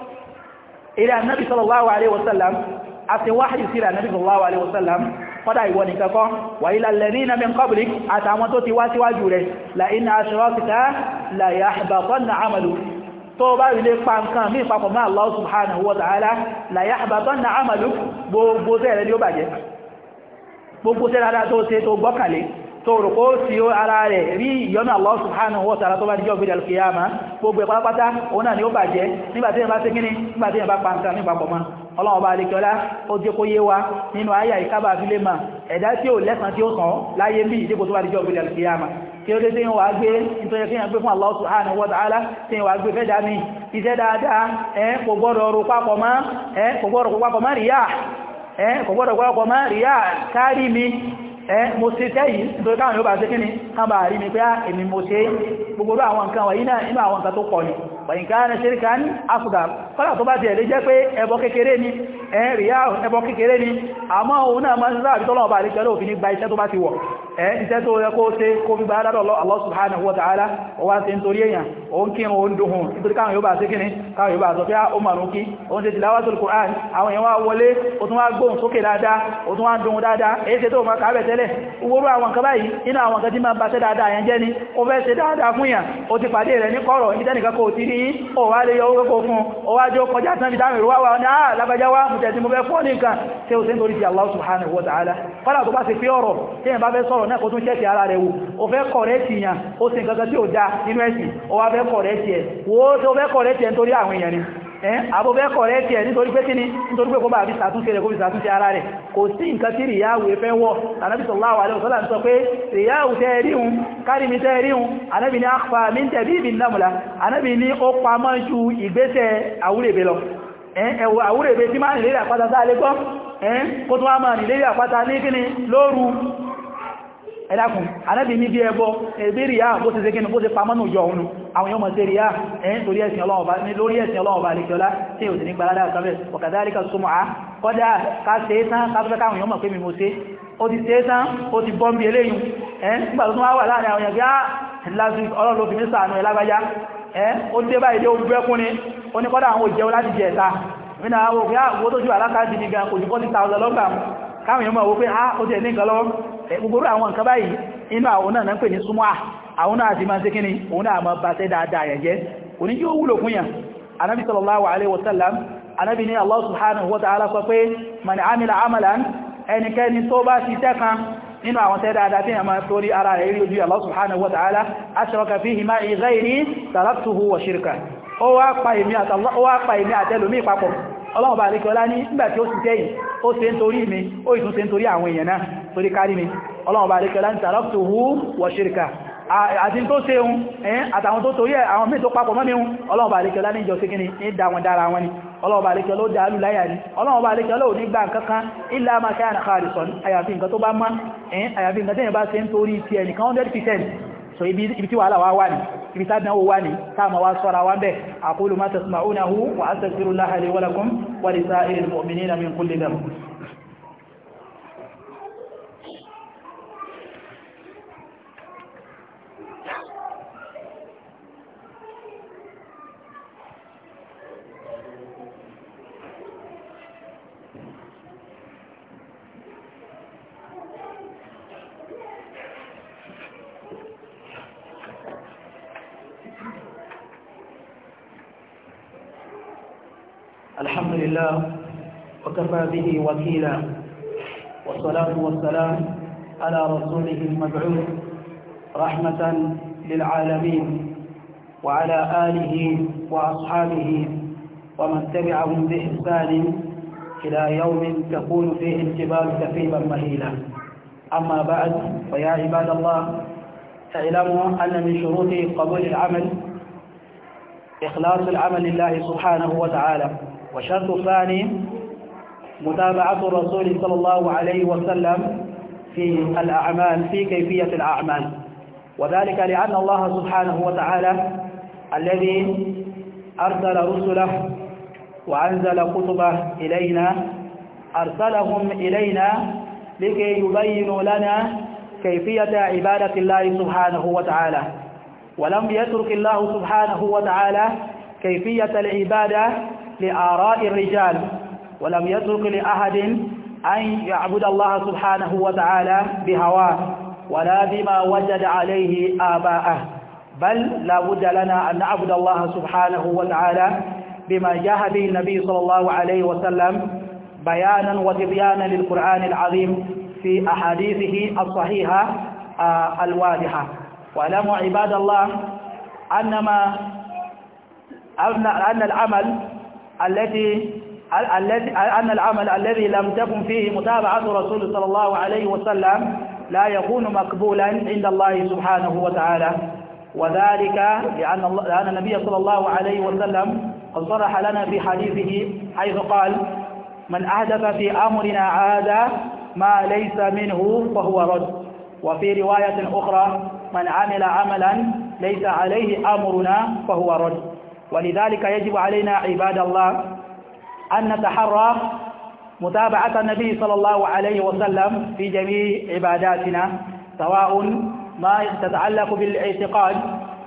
Speaker 1: ilé anábì sallallahu alaihi wasallam àti wáhàyù sílẹ̀ anábì sallallahu alaihi wasallam kọ́dá ìwọ nìkan kọ́ wà ilá lẹ́nìyàn min qablik àtàwọn tó ti wá síwájú rẹ̀ la in ashrakta la yahbatanna amalu tó bá rí lé pa nǹkan mí papọ̀ mọ́ Allah subhanahu wa ta'ala la yahbatanna amalu gbogbo gbogbo tẹ́ẹ̀rẹ́ tó rò ó ara rẹ̀ rí ìyọ́nà Allah subhanahu wa ta'ala tó bá díjọ́ gbéjà al-qiyama gbogbo ìpálápátá òun náà ni ó bàjẹ́ nígbàtí ìyàn bá ṣe kíní nígbàtí ìyàn bá pa nǹkan ní ìpapọ̀ mọ́ ọlọ́ọ̀bá alẹ́kọ́lá ó jẹ́ wa nínú ayà ìkábà fílé mà ẹ̀dá tí ó lẹ́sàn ti ó san láyé bí ìdíkò tó bá díjọ́ gbéjà al-qiyama ẹ mo ṣe tẹ́ yìí nítorí káwọn yóò bá ṣe kíni ká bá rí mi pé ah, èmi mo ṣe gbogbo àwọn nǹkan wọ̀nyí náà nínú àwọn nǹkan tó pọ̀ ní wọ̀nyíká ní ṣeríkà ní afghan kọ́lá tó bá ti ẹ̀lé jẹ́ pé ẹbọ kékeré ni ẹ̀rìyà ẹbọ kékeré ni àmọ́ ẹ̀ iṣẹ́ tó yẹ kó ṣe kó fi Allah wa ta'ala ọwá ṣe ń torí èyàn òun kírun òun dùn nítorí ọ yóò bá ṣe kíni káwọn yóò bá sọ pé ah, ó màrún kí òun Qur'an àwọn èèyàn wá wọlé ó tún wá gbóhùn sókè dáadáa ó tún wá ń dùn dáadáa èyí ṣe tó máa kàábẹ̀ tẹ́lẹ̀ wóró àwọn nǹkan báyìí ti pàdé rẹ̀ ní kọ̀rọ̀ ní kò ti rí ó lè yọ owó fún kọjá tán sọ̀rọ̀ náà kó tún ṣẹ́sì ara rẹ̀ wò o fẹ́ kọ̀rẹ́tì yàn ó sì nǹkan kan tí ò da nínú ẹ̀sìn o wá fẹ́ kọ̀rẹ́tì ẹ̀ wo tó fẹ́ kọ̀rẹ́tì ẹ̀ nítorí àwọn èèyàn ni ẹ́ àbúfẹ́ kọ̀rẹ́tì ẹ̀ nítorí pé kíni nítorí pé kó bá fi sàtúnṣe rẹ̀ kó fi sàtúnṣe ara rẹ̀ kò sí nǹkan tí rìyáwó e fẹ́ wọ̀ ànábì sallallahu alaihi wasallam sọ pé rìyáwó tẹ́ ríhun kárí mi tẹ́ ríhun ànábì ní àpá mi ń tẹ̀bí ìbí ńlámùlá ànábì ní ó pamọ́ ju ìgbésẹ̀ àwúrèbe lọ ẹ̀wọ̀ àwúrèbe tí máa ń lérí àpáta sáà lé gbọ́ kó tún wá máa ń lérí àpáta ní kíni lóru ẹ̀dàkùn anábì ní bí ẹbọ ẹgbẹ́ ríyà bó ti ṣe kí ní bó ti pamọ́ ní òjò òun àwọn yóò mọ̀ sí ríyà ẹ̀yìn torí ẹ̀sìn ọlọ́ọ̀bá alìkọ́lá tí ò sí ní gbàládà ọ̀sánbẹ̀ ọ̀kàdálíkà súnmọ̀ á kọ́dá ká ṣe é tán káfẹ́ káwọn yóò mọ̀ pé mi mo ṣe ó ti ṣe é ni ó ní kọ́dá àwọn òjẹun láti jẹ ẹ̀ta mí náà wọ́n pé àwọn ah, tó ju àlákàá di ní gan kò ju káwọn èèyàn máa wó pé á ah, ó tẹ̀ ní nǹkan lọ́wọ́ gbogbo àwọn nǹkan báyìí inú àwọn náà ń pè ní súnmọ́ àwọn náà ti máa ṣe kíni òun náà máa bàtẹ́ dáadáa yẹn jẹ́ kò ní yóò wúlò fún yàn anábi sallallahu alaihi wasallam anábi ní Allah subhanahu wa ta'ala sọ pé man amila amalan ẹnikẹ́ni tó bá ti tẹ́kan nínú àwọn tẹ́ dáadáa fi àmà torí ara rẹ̀ ọlọ́run bá àríkẹ́ ọlá ní nígbà tí ó sì tẹ́yìn ó ṣe ń torí mi ó ìtún ṣe ń torí àwọn èèyàn náà torí kárí mi ọlọ́run bá àríkẹ́ ọlá ní taraktuhu wa shirka àti tó ṣe ohun ẹ̀yìn àtàwọn tó torí àwọn mí tó papọ̀ mọ́ mi hun ọlọ́run bá àríkẹ́ ọlá ní ìjọ sí kíni ní dáwọn dára wọn ni ọlọ́run bá àríkẹ́ ọlá ó dá lùláyà so ibi tí wàhálà wá wà ní ibi tádánwò wà ní táàmà wá sọ́ra wá bẹ́ aqulu ma tasma'unahu wa astaghfirullaha li wa lakum wa li sa'iril mu'minina min kulli dhanb به وكيلا والصلاة والسلام على رسوله المبعوث رحمة للعالمين وعلى آله وأصحابه ومن تبعهم بإحسان إلى يوم تكون فيه الجبال كثيبا مهيلا أما بعد فيا عباد الله اعلموا أن من شروط قبول العمل إخلاص العمل لله سبحانه وتعالى وشرط ثاني متابعة الرسول صلى الله عليه وسلم في الأعمال في كيفية الأعمال وذلك لأن الله سبحانه وتعالى الذي أرسل رسله وأنزل كتبه إلينا أرسلهم إلينا لكي يبينوا لنا كيفية عبادة الله سبحانه وتعالى ولم يترك الله سبحانه وتعالى كيفية العبادة لآراء الرجال ولم يترك لأحد أن يعبد الله سبحانه وتعالى بهواه ولا بما وجد عليه آباءه بل لا بد لنا أن نعبد الله سبحانه وتعالى بما جاء به النبي صلى الله عليه وسلم بيانا وتبيانا للقرآن العظيم في أحاديثه الصحيحة آه، الواضحة واعلموا عباد الله أن أن العمل التي أن العمل الذي لم تكن فيه متابعة رسول صلى الله عليه وسلم لا يكون مقبولا عند الله سبحانه وتعالى وذلك لأن, لأن النبي صلى الله عليه وسلم قد صرح لنا في حديثه حيث قال من أحدث في أمرنا هذا ما ليس منه فهو رد وفي رواية أخرى من عمل عملا ليس عليه أمرنا فهو رد ولذلك يجب علينا عباد الله أن نتحرى متابعة النبي صلى الله عليه وسلم في جميع عباداتنا سواء ما تتعلق بالاعتقاد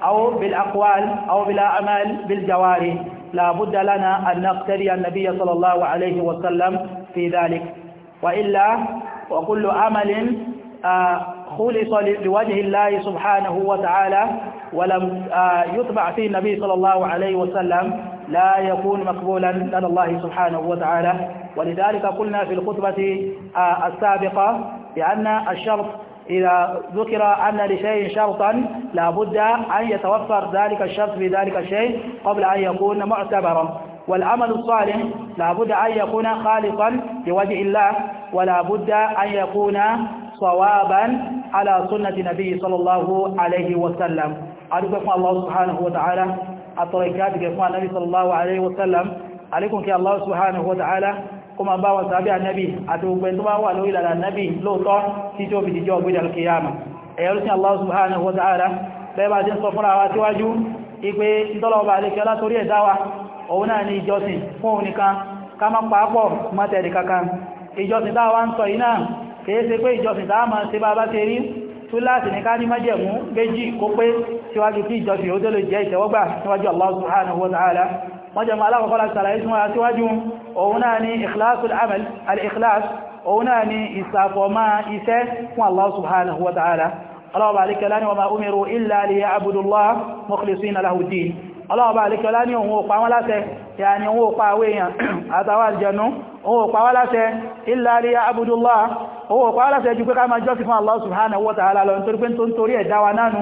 Speaker 1: أو بالأقوال أو بالأعمال بالجواري لا بد لنا أن نقتدي النبي صلى الله عليه وسلم في ذلك وإلا وكل عمل آه، خلص لوجه الله سبحانه وتعالى ولم آه، يتبع فيه النبي صلى الله عليه وسلم لا يكون مقبولا لدى الله سبحانه وتعالى ولذلك قلنا في الخطبة آه، السابقة بأن الشرط إذا ذكر أن لشيء شرطا لابد أن يتوفر ذلك الشرط في ذلك الشيء قبل أن يكون معتبرا والعمل الصالح لابد أن يكون خالصا لوجه الله ولا بد أن يكون صوابا على سنة النبي صلى الله عليه وسلم أرجوكم الله سبحانه وتعالى àtọ̀rọ̀ ìkàdìgẹ̀ fún anábi sallallahu alaihi wasallam alikun kí Allah subhanahu wa ta'ala kuma bá wọn sàbí anábi àti gbogbo ẹni tó bá wà lórí ìlànà anábi lóòtọ́ tí tó fi dìjọ́ gbé dal kiyama ẹ̀yọ́rù sí Allah subhanahu wa ta'ala bẹ́ẹ̀ bá ti ń sọ fúnra wa tíwájú ipe ìtọ́lọ̀ọba alẹ́kẹ́ látorí ẹ̀dá wa òun náà ni ìjọsìn fún túláàsì ní ká ní májẹ̀mú méjì kó pé síwájú kí ìjọsìn ó tó lè jẹ́ ìtẹ́wọ́gbà síwájú Allah subhanahu wa ta'ala májẹ̀mú alákọ̀ọ́kọ́ láti sàlàyé fún wa síwájú òun náà ni ikhlasul òun pa wá láṣẹ illa liya abudullah òun pa wá láṣẹ ju pé ká máa jọ́sìn fún Allah subhanahu wa ta'ala lọ nítorí pé tó ń torí ẹ̀ dá wa nánu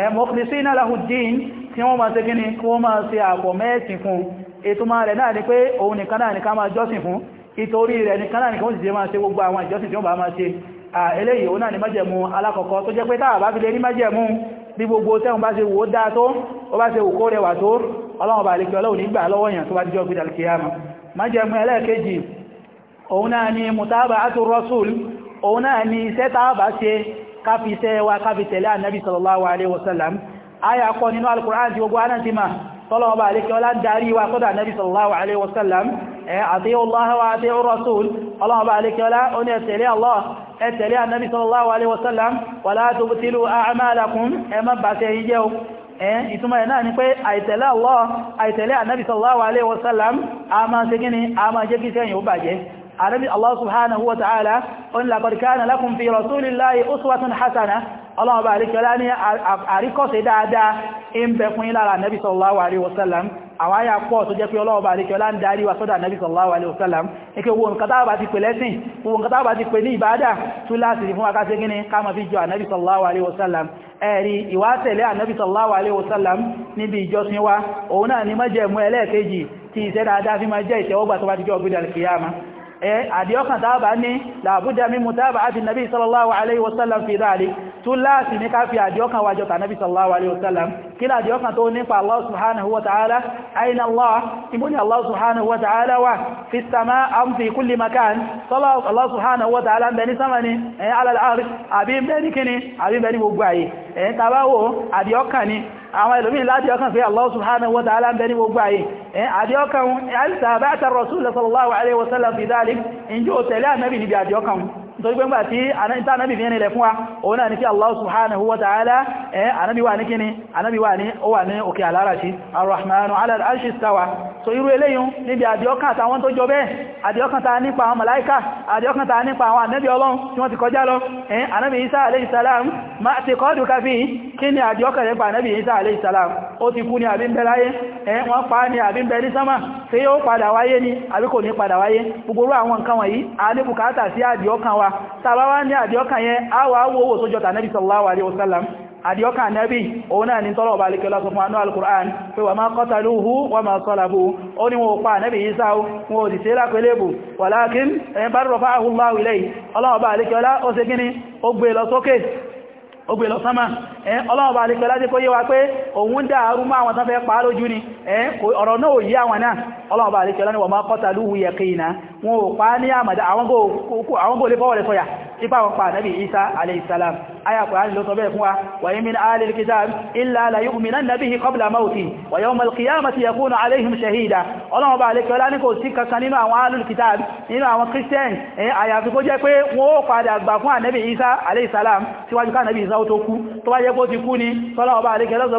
Speaker 1: ẹ̀ mukhlisina lahu ddin tí wọ́n máa ṣe kí ni kí wọ́n máa ṣe àpọ̀ mẹ́ẹ̀sìn fún ìtumọ̀ rẹ̀ náà ni pé òun nìkan náà ni ká máa jọ́sìn fún ìtorí rẹ̀ nìkan náà ni kí wọ́n sì ṣe máa ṣe gbogbo àwọn ìjọ́sìn tí wọ́n bá máa ṣe eléyìí òun náà ni májẹ̀mú alákọ̀ọ́kọ́ tó jẹ́ pé táà bá fi lè rí májẹ̀mú bí gbogbo tẹ́hùn bá ṣe wò ó dáa tó ó bá ṣe wò kó rẹwà tó ọlọ́run bá lè kí ọlọ́run nígbà lọ́wọ́ èèyàn tó bá díjọ́ gbídàlùkìyàmù májẹ̀mú ẹlẹ́ẹ̀kejì òun náà ni mutaba'atu rasul òun náà ni iṣẹ́ tàà bá ṣe káfíṣẹ́ wa káfíṣẹ̀lẹ́ annabi sallallahu alaihi wasallam aya kọ nínú alkùnrin tí gbogbo anáti ma tọ́lọ̀ọba alékẹ́ ọlá darí wa kọ́dà annabi sallallahu alaihi wasallam àti Allah wa àti Rasul, ọlọ́ọ̀bá alékẹ́ọlá, ó ní ẹ̀tẹ̀lé Allah, ẹ̀tẹ̀lé annabi sallallahu alaihi wasallam, wala tubtilu a'malakum, ẹ má bà ṣe yíjẹ́ o. Ẹn ìtumọ̀ ẹ̀ náà ni pé àìtẹ̀lé Allah, àìtẹ̀lé annabi sallallahu a máa ṣe gíní, a máa jẹ́ kí sẹ́yìn ó bàjẹ́ ànábì Allah subhanahu wa ta'ala on laqad kana lakum fi rasulillahi uswatun hasana ọlọ́ọ̀bá àríkẹ́lá ní àríkọ́sẹ̀ dáadáa in bẹ fún ìlàrà nabi sallallahu alaihi wasallam àwọn ayà pọ̀ tó jẹ́ pé ọlọ́ọ̀bá àríkẹ́lá ń ẹ̀rí ìwà tẹ̀lé ànábì níbi ìjọsìn wa òun náà ni májẹ̀mú ẹlẹ́ẹ̀kejì tí iṣẹ́ fi máa jẹ́ ìtẹ́wọ́gbà tó bá ti jọ ọgbẹ́dà kìyàmá àdíọ́kàn tàbà ní làbújá mímú tàbà àti nàbí sallallahu alaihi wasallam fi dáàlì tó láti ní ká fi àdíọ́kàn wájọ́ta nàbí sallallahu alaihi wasallam kila àdìọ́kàn tó nípa Allah subhanahu wa ta'ala aina Allah ibo ni Allah subhanahu wa ta'ala wa fi sama am fi kulli makan sọ́lá Allah subhanahu wa ta'ala ń bẹ ní sama ni ẹ̀yìn alàlárì àbí bẹ ní kíni àbí bẹ ní gbogbo àyè ẹ̀yìn tàbáwò àdìọ́kàn ni àwọn ìlúmí láti ọkàn fi Allah subhanahu wa ta'ala ń bẹ ní gbogbo ayé àdíọ́kàn alìsàbáta rasulullah sallallahu alaihi wasallam fi dhalik in jí ò tẹ̀lé ànábì níbi àdíọ́kàn nítorí pé ń gbà tí ànábì fi ń rìnlẹ̀ fún wa òun náà ní kí Allah subhanahu wa ta'ala ẹ̀ ànábì wà ní kíni ànábì wà ní ó wà ní òkè aláràṣí arrahmanu ala al-arshi istawa so irú eléyìn níbi àdíọ́kàn àtàwọn tó jọ bẹ́ẹ̀ àdíọ́kàn ta nípa àwọn màláíkà àdíọ́kàn ta nípa àwọn ànábì ọlọ́run tí wọ́n ti kọjá lọ ẹ̀yìn ànábì isa alayhi salam ma ti kọ́dù káfí kí ni àdíọ́kàn nípa ànábì isa alayhi salam ó ti kú wa tàbá wá ní àdíọ́kà yẹn a wà wòwò tó jọta nẹ́bí sallallahu alaihi wasallam àdíọ́kà nẹ́bí òun náà ni tọ́lọ̀ ọba alìkẹ́ lọ́sọ fún anú al-Qur'an pé wà máa qataluhu wà máa salabu ó ní wọn pa nẹ́bí ó gbé lọ sánmà ẹ́ ọlọ́ọ̀bà alẹ́kẹ́ láti kó yé wa pé òun dáàrú máa wọn tán fẹ́ pa lójú ni ẹ́ ọ̀rọ̀ náà yí àwọn náà ọlọ́ọ̀bà alẹ́kẹ́ lọ́nà wọ́n mọ́ kọ́tàlúhu yẹ̀kìnà wọn ò pa ní àmàdà àwọn gò lè fọ́wọ́ rẹ̀ sọ́yà ipa wọn pa nabi isa alaihissalam aya Qur'an ló sọ bẹ́ẹ̀ fún wa wa in min ahli alkitab illa la yu'minanna bihi qabla mawti wa yawm alqiyamati yakunu alaihim shahida Ọlọ́run ba leke ola ni kò sí kankan nínú àwọn ahli alkitab nínú àwọn christian eh aya fi kó jẹ́ pé wọ́n ó padà gbà fún nabi isa alaihissalam tí wájú ká nabi isa ó tó kú tó wá jẹ́ kó ti kú ni Ọlọ́run ba leke pé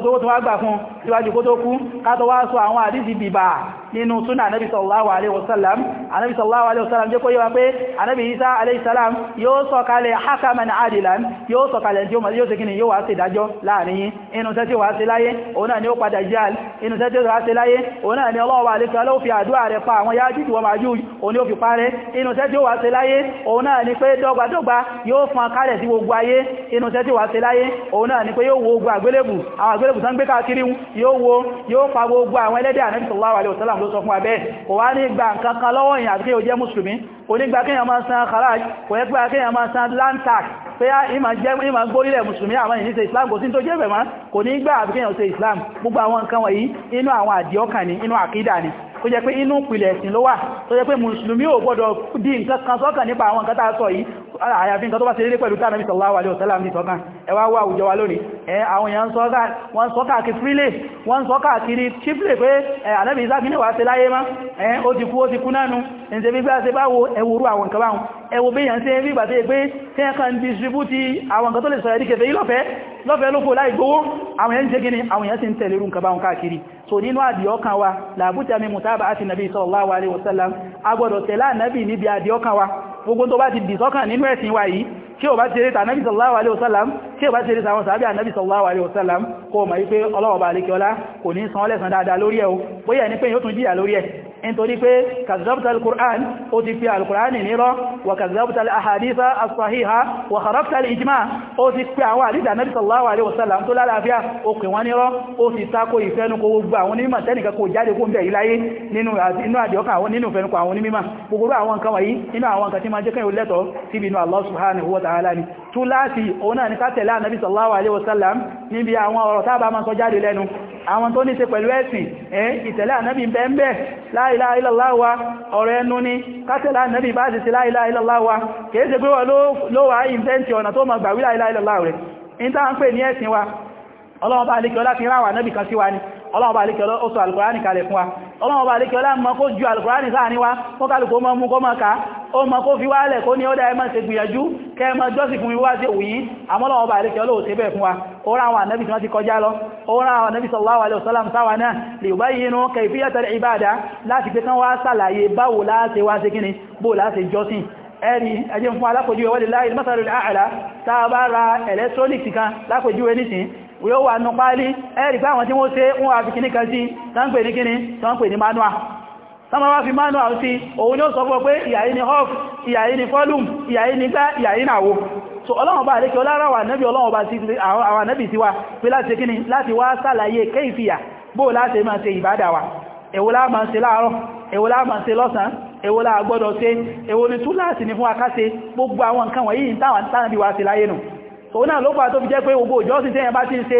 Speaker 1: ó tó yóò sọ̀kalẹ̀ hakaman adilan yóò sọ̀kalẹ̀ tí yóò ṣe kí ni yóò wá ṣe ìdájọ́ láàrin yín inú tẹ́ tí ó wá ṣe láyé òun náà ni ó padà jẹ́ inú tẹ́ tí ó wá ṣe láyé òun náà ni ọlọ́wọ́ àlẹ́kọ́ ló fi àdúrà rẹ̀ pa àwọn Yájújù wa Májújù òun ni ó fi parẹ́ inú tẹ́ tí ó wá ṣe láyé òun náà ni pé dọ́gbadọ́gba yóò fọn kálẹ̀ sí gbogbo ayé inú tẹ́ tí ó wá ṣe láyé òun náà ni pé yóò wo gbogbo àgbélébù àwọn àgbélébù tán gbé káàkiri yóò wo yóò pa gbogbo àwọn ẹlẹ́dẹ̀ Ànábì sallallahu alaihi máa san kharaj kò ní gba máa san land tax pé ìmọ̀ jẹ́ ìmọ̀ gbórílẹ̀ mùsùlùmí àwọn ìní ṣe islam kò sí tó jẹ́ bẹ̀mọ́ kò ní gbà àbíkẹ́yàn ṣe islam gbogbo àwọn nǹkan wọ̀nyí inú àwọn àdíọ́kàn ni inú àkídà ni tó jẹ́ pé inú ìpìlẹ̀ ẹ̀sìn ló wà tó jẹ́ pé mùsùlùmí ò gbọ́dọ̀ di nǹkan kan sọ́kàn nípa àwọn nǹkan tá a sọ yìí àyàfin tó bá ṣe lé pẹ̀lú tánàbí sallallahu alaihi wasallam ní sọ́kàn ẹwà wà àwùjọ wa lónìí ẹ àwọn èèyàn wọ́n sọ káàkiri frílẹ̀ wọ́n sọ káàkiri chíflẹ̀ pé ànábì Ìsáàkì ní wà ṣe láyé má ẹ ó ti kú ó ti kú nánu ẹ̀ǹtẹ̀ bí gbá ṣe bá wo ẹwòrú àwọn nǹkan báhùn ẹwò bí yàn ṣe ń rí ìgbà tó yẹ pé tí ẹ kàn distributi àwọn nǹkan tó lè sọ̀rọ̀ ìdíkẹfẹ́ ìlọ́fẹ́ lọ́fẹ́ lókò láì gbówó àwọn èèyàn ṣe gini àwọn èèyàn sì ń tẹ̀lé irú nǹkan báhùn káàkiri so nínú àdìọ́kan wa làbújá mi mùtábà àti nàbí sallallahu alaihi wasallam agbọ́dọ̀ tẹ̀lá nàbí níbi àdìọ́kan wa gbogbo tó bá ti dì sọ́kàn nínú ẹ̀sìn wa yìí tí ó bá ti ríta anábì sallallahu alaihi wasallam tí ó bá ti ríta àwọn sàábí anábì sallallahu alaihi wasallam kó mọ̀ wípé ọlọ́wọ̀bà àríkẹ́ọlá kò ní san ọlẹ́sàn dáadáa lórí ẹ̀ o bóyá lórí ẹ̀ nítorí pé kàzàbùtà al-Qur'an ó ti fi al-Qur'an nírọ́ wà kàzàbùtà al-ahaditha as-sahiha wà kharabta al-ijma ó ti pé àwọn àdídà nabi sallallahu alaihi wasallam tó lálàáfíà ó pè wọ́n nírọ́ ó ti tako ìfẹ́nukò gbogbo àwọn onímọ̀ tẹ́nìkan kò jáde kó ń bẹ̀ iláyé nínú àdíọ́kà àwọn nínú ìfẹ́nukò àwọn onímọ̀ gbogbo àwọn nǹkan wọ̀nyí nínú àwọn òun náà ní ká tẹ̀lé ànábì sallallahu alaihi wasallam níbi àwọn ọ̀rọ̀ tá máa sọ jáde lẹ́nu àwọn tó ní ṣe pẹ̀lú ẹ̀sìn ẹ̀ ìtẹ̀lẹ̀ ànábì bẹ́ẹ̀bẹ́ la ilaha illallah wa ọ̀rọ̀ ẹnu ni kátẹ̀lẹ̀ ànábì bá ṣe la ilaha illallah wa kìí ṣe pé wọ́n ló wà ìfẹ́ntì ọ̀nà tó mọ̀ gbà wí la ilaha illallah rẹ̀ ọlọ́ọ̀bá alékẹ́ọlá fi ráwà nábì kan sí wa ní ọlọ́ọ̀bá alékẹ́ọlá ó sọ alùkùránì kalẹ̀ fún wa ọlọ́ọ̀bá alékẹ́ọlá mọ́ kó ju alùkùránì sáàrin wa kó kálùkù mọ́ mú kó mọ́ ká ó mọ́ kó fi wálẹ̀ kó ní ó dáa ẹmọ́ ṣe gbìyànjú kẹ́ẹ̀mọ́ jọ́sì fún wíwá sí òyìn àmọ́lọ́ọ̀bá alékẹ́ọlá ò tẹ́bẹ̀ fún wa ó rá àwọn ànábì tí wọ́n ti kọjá lọ ó rá àwọn ànábì sallallahu alaihi wasallam sáwà náà lè bá yìí inú kayfiyat al tàbára electronics kan lákòjú ẹnìsìn yóò wà nù páálí ẹ̀rì pé àwọn tí wọ́n ṣe wọ́n àfi kìíní kan sí tánpè ní kíní tánpè ní manual sọ́mọ́ wá fi manual sí òun yóò sọ fún pé ìyàyí ni off ìyàyí ni volume ìyàyí ni gbá ìyàyí nàwó so ọlọ́run bá àríkẹ́ ọlọ́ràwà nẹ́bí ọlọ́run bá sí àwọn nẹ́bí tiwa pé láti kíní láti wá sàlàyé kéìfìyà bóò láti máa ṣe ìbádà wa èwo la máa ṣe láàárọ̀ èwo la máa ṣe lọ́sàn èwo la gbọ́dọ̀ ṣe èwo ni túláàsì ni fún akáṣe gbogbo àwọn nǹkan wọ̀nyí ìtàwọn tánàbí wa ṣe láyé nù so náà ló pàá tó fi jẹ́ pé gbogbo ìjọsìn tẹ́yàn bá ti ń ṣe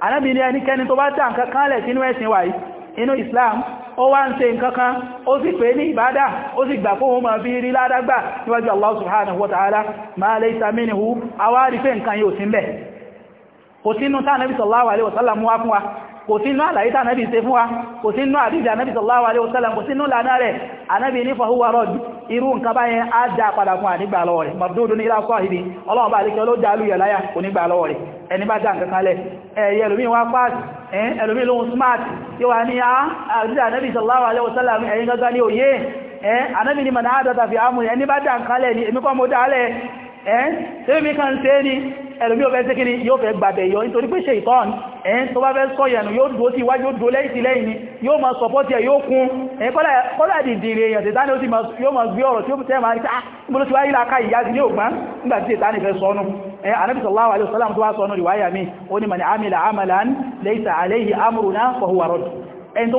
Speaker 1: Ànábì ní ẹnikẹ́ni tó bá dá nǹkan kan lẹ̀ sínú ẹ̀sìn wa inú Islam ó wá ń ṣe nǹkan kan ó sì pé ní ìbádà ó sì gbà fóhun ma fi rí ládágbà níwájú Allah subhanahu wa ta'ala ma laysa minhu awárí pé nǹkan yóò sí mẹ́ kò sínú tá Ànábì sallallahu alaihi kò sínú àlàyé tí ànábì ṣe fún wa kò sínú àdíjà ànábì sallallahu alaihi wasallam kò sínú lànà rẹ̀ ànábì ní fahuwa radd irú nǹkan báyẹn á dá padà fún ànígbà lọ́wọ́ rẹ̀ mardudun ila sahibi ọlọ́run bá àríkẹ́ ló dá lùyà láyà kò nígbà lọ́wọ́ rẹ̀ ẹni bá dá nǹkan kalẹ̀ ẹ̀yẹ ẹlòmí wá pass ẹlòmí lóhun smart yóò wá ní ah, àdíjà ànábì sallallahu alaihi wasallam ẹ̀yìn gangan ní kan ṣe ni ẹlòmí ò fẹ́ sí kíni yóò fẹ́ gbàbẹ̀ yọ nítorí pé ṣe ìtọ́n ẹ̀yìn tó bá fẹ́ sọ ìyànà yóò dúó sí iwájú dúó lẹ́yìn sí lẹ́yìn ni yóò máa sọpọ́tì ẹ̀ yóò kún ẹ̀yìn kọ́lá dìdìrì èèyàn tẹ̀tánì yóò máa gbé ọ̀rọ̀ tí ó tẹ́ máa ní sáà ah, níbo ló ti wáyé láàká ìyá sí ní ògbán nígbà tí tẹ̀tánì fẹ́ sọnù ẹ̀ anábì sallallahu alaihi wasallam tó wá sọnù riwaya mi ó ní man amila amalan laysa alayhi amruna fa huwa radd ẹni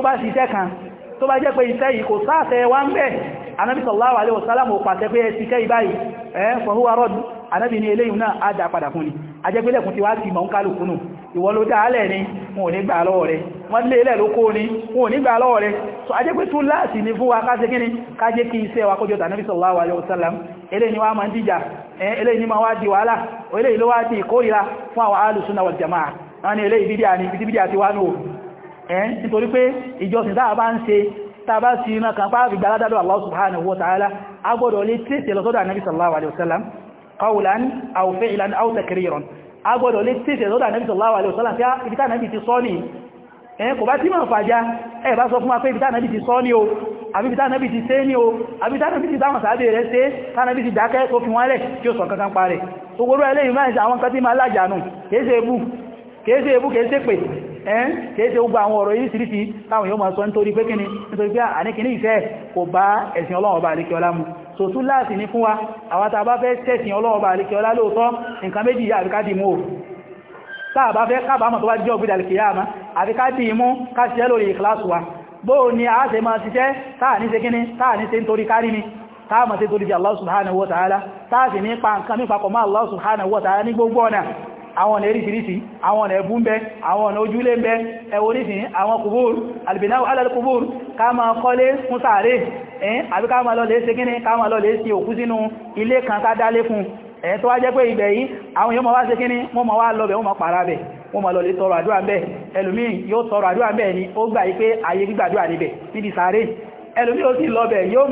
Speaker 1: tó bá anábì ní eléyìn náà á dá padà fún ni a jẹ́ pẹ́lẹ̀kùn ti wá ti mọ̀ ń kálù kúnnù ìwọ ló dáálẹ̀ ni wọn ò ní gbà lọ́wọ́ rẹ̀ wọ́n lé ilẹ̀ ló kó ní wọn ò ní gbà lọ́wọ́ rẹ̀ so a jẹ́ pé tún láti ní fún wa ká ṣe kíni ká jẹ́ kí iṣẹ́ wa kójọ tànàbí ni wá máa ń dìjà eléyìn ni máa wá di wàhálà eléyìn ló wá di ìkórira fún àwọn alùsùnà wal jamaa wọ́n ni eléyìn bídíà ni bídíà ti wá nù ẹ́ tàbá sí iná kan pàápàá ìgbàládádọ́ Allah subhanahu wa ta'ala agbọ́dọ̀ lè tẹ́sẹ̀ lọ́sọ́dọ̀ ànábì sallallahu alaihi wasallam qawlan aw fi'lan aw takriran agbọ́dọ̀ lè le lọ́dà nàbí sallallahu alaihi wasallam ah, tí a ibítà nàbí ti sọ́ kò bá tí sọ fún wa pé ibítà nàbí o àbíbítà nàbí ti tẹ́ ní o àbíbítà nàbí ti dáwọn sàábẹ̀ ti dákẹ́ tó fi wọ́n sọ kankan parẹ̀ ogoro ẹlẹ́yìn máa ń ṣe àwọn nǹkan tí máa ebú kéèsè pè ẹ́n kéèsè gbogbo àwọn ọ̀rọ̀ yìí táwọn yóò máa sọ sòtú láti ní fún wa àwọn tàbá fẹ́ tẹ́sìn ọlọ́ọ̀bà àríkẹ́ ọlá lóòtọ́ nǹkan méjì yà àríká dìmú o tàbá fẹ́ kábàámọ̀ tó bá jẹ́ ọgbìdà àríkẹ́ yà má àríká dìmú káṣẹ́ lórí ìkìláàsù wa bóò ni a ṣe máa ṣiṣẹ́ táà ní ṣe kíní táà ni táà mọ̀ sí torí bí Allah subhanahu àwọn ọ̀nà eríṣiríṣi àwọn ọ̀nà ẹ̀bú ń bẹ àwọn ọ̀nà ojúlé ń bẹ ẹwọ nísìn àwọn kùbúrù albinaw alalkùbúrù ká máa kọ́lé fún sàárè ẹ̀yìn àbí ká máa lọ lè ṣe kíní ká máa lọ lè ṣe òkú sínú ilé kan tá dálé fún ẹ̀ tó wá jẹ́ pé ibẹ̀ yìí àwọn yóò máa wá ṣe kíní wọ́n máa wá lọ́bẹ̀ wọ́n máa pàrà bẹ̀ wọ́n máa lọ lè tọrọ àdúrà bẹ́ẹ̀ ẹlòmí yóò tọrọ àdúrà bẹ́ẹ̀ ni ó gbà yí pé ayé gbígbàdúrà níbẹ̀ níbi sàárè ẹlòmí ó sì lọ bẹ̀ yóò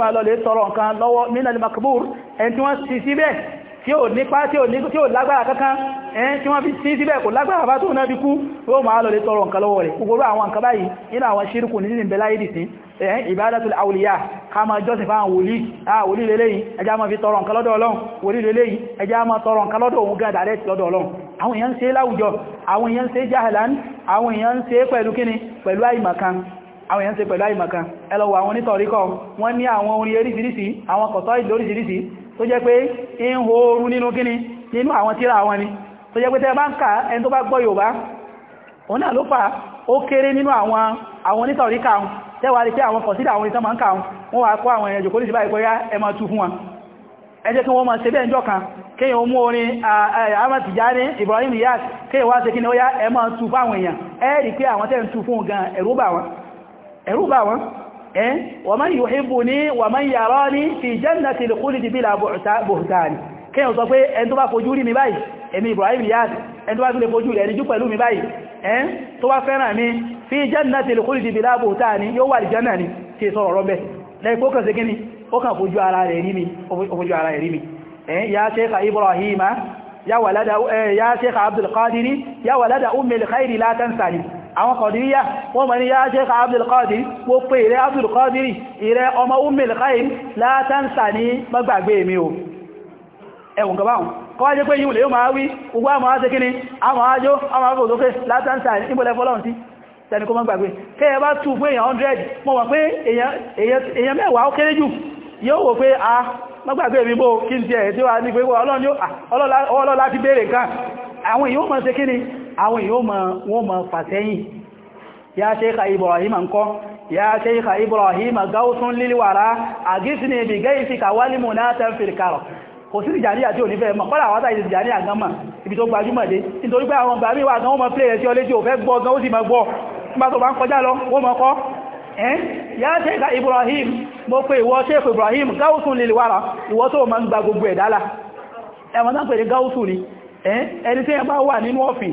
Speaker 1: tí ó nípa tí ó nípa tí ó lágbára kankan ẹn tí wọ́n fi sí síbẹ̀ kò lágbára bá tó náà bí kú yóò máa lọ lè tọrọ nǹkan lọ́wọ́ rẹ̀ gbogbo àwọn nǹkan báyìí nínú àwọn ṣírkù nínú ìbẹ̀láyé dìsín ẹ̀yìn ìbádàtul àwòlìyà ká máa jọ́sìn fáwọn wòlí àwòlí lélẹ́yìn ẹjá máa fi tọrọ nǹkan lọ́dọ̀ Ọlọ́run wòlí lélẹ́yìn ẹjá máa tọrọ nǹkan lọ́dọ̀ òun gan dàrẹ́ lọ́dọ̀ Ọlọ́run àwọn èèyàn ń ṣe láwùjọ àwọn èèyàn ń ṣe jahalan àwọn èèyàn ń ṣe pẹ̀lú kíni pẹ̀lú àìmọ̀kan àwọn èèyàn ń ṣe pẹ̀lú àìmọ̀kan ẹlọ́wọ̀ àwọn onítọ̀ríkọ wọ́n ní àwọn orin eríṣiríṣi àwọn kọ̀tọ́ ìlú oríṣiríṣi tó jẹ́ pé ń ho oru nínú kíni nínú àwọn tíra àwọn ni tó jẹ́ pé tẹ́ bá ń kà ẹni tó bá gbọ́ Yorùbá òun náà ló fà ó kéré nínú àwọn àwọn onítàríkà àwọn tẹ́wàá rí pé àwọn kọ̀sídà àwọn ìtàn máa ń kà àwọn wọ́n wá kó àwọn ẹ̀yẹ̀jò kó lè síbá ìpẹ́yà ẹ máa tú fún wọn ẹ jẹ́ kí wọ́n èèyàn ẹ rí ومن يحبني ومن يراني في جنة الخلد بلا بهتان kéèyàn sọ pé ẹni tó bá fojú rí mi báyìí èmi Ibrahim Iyad ẹni tó bá tún lè fojú rẹ̀ níjú pẹ̀lú mi báyìí ẹn eh? tó bá fẹ́ràn mi fi jannatil khuldi bila buhtani yóò wà ìjẹ́nà ni tí è sọ̀rọ̀ rọ́bẹ̀ lẹ́yìn kó kàn sí kíní ó kàn fojú ara rẹ̀ rí mi fojú ara rẹ̀ rí mi ẹn eh? ya Sheikh Ibrahima ya walada eh, ya Sheikh Abdul Qadir ya walada Ummil Khairi la tansani àwọn kọ̀díyà wọ́n mọ̀ ní yá Sheikh Abdulqadir wó pé ìrẹ́ Abdulqadir ìrẹ́ ọmọ Ummul Khair látàǹsà ní mọ́gbàgbé mi o ẹ̀wùn gabáhùn kọ́wàá jẹ́ pé yíò lè yóò máa wí ugbá àmọ́ á ṣe kíni àmọ́ ájó àmọ́ àbòsókè látàǹsà ìbòlẹ̀ fọ́lọ́run tí tẹni kó mọ́ gbàgbé kẹ́yẹ bá tún fún èèyàn 100 mọ́ wọ́n pé èèyàn mẹ́wàá ó kéré jù yóò wò pé a mọ́gbàgbé mi bó kí n ti ẹ̀ àwọn èèyàn wọ́n mọ̀ fàsẹ́yìn ya ṣeéka Ibrahim ńkọ́ ya ṣeéka Ibrahim gáúsún lílwàrá àgísìnì ibi gẹ́ìsì kàwálì mọ̀ náà tẹ́ fìrìkàrọ̀ kò sí ìjàníyà tí ò ní fẹ́ mọ̀ kọ́lá àwọn àtàrí ìjàníyà gan mọ̀ ibi tó gbajúmọ̀dé nítorí pé àwọn gbàmí wà gan wọ́n mọ̀ pléyẹ̀ sí ọlé tí yá ṣẹ́ka Ibrahim mo pe ìwọ ṣẹ́kù Ibrahim gáúsùn lè wára ìwọ tó mọ̀ ń gba gbogbo ẹ̀dálà ẹ̀wọ̀n tán pè ní ni ẹni tí ẹ bá wà nínú ọ̀fìn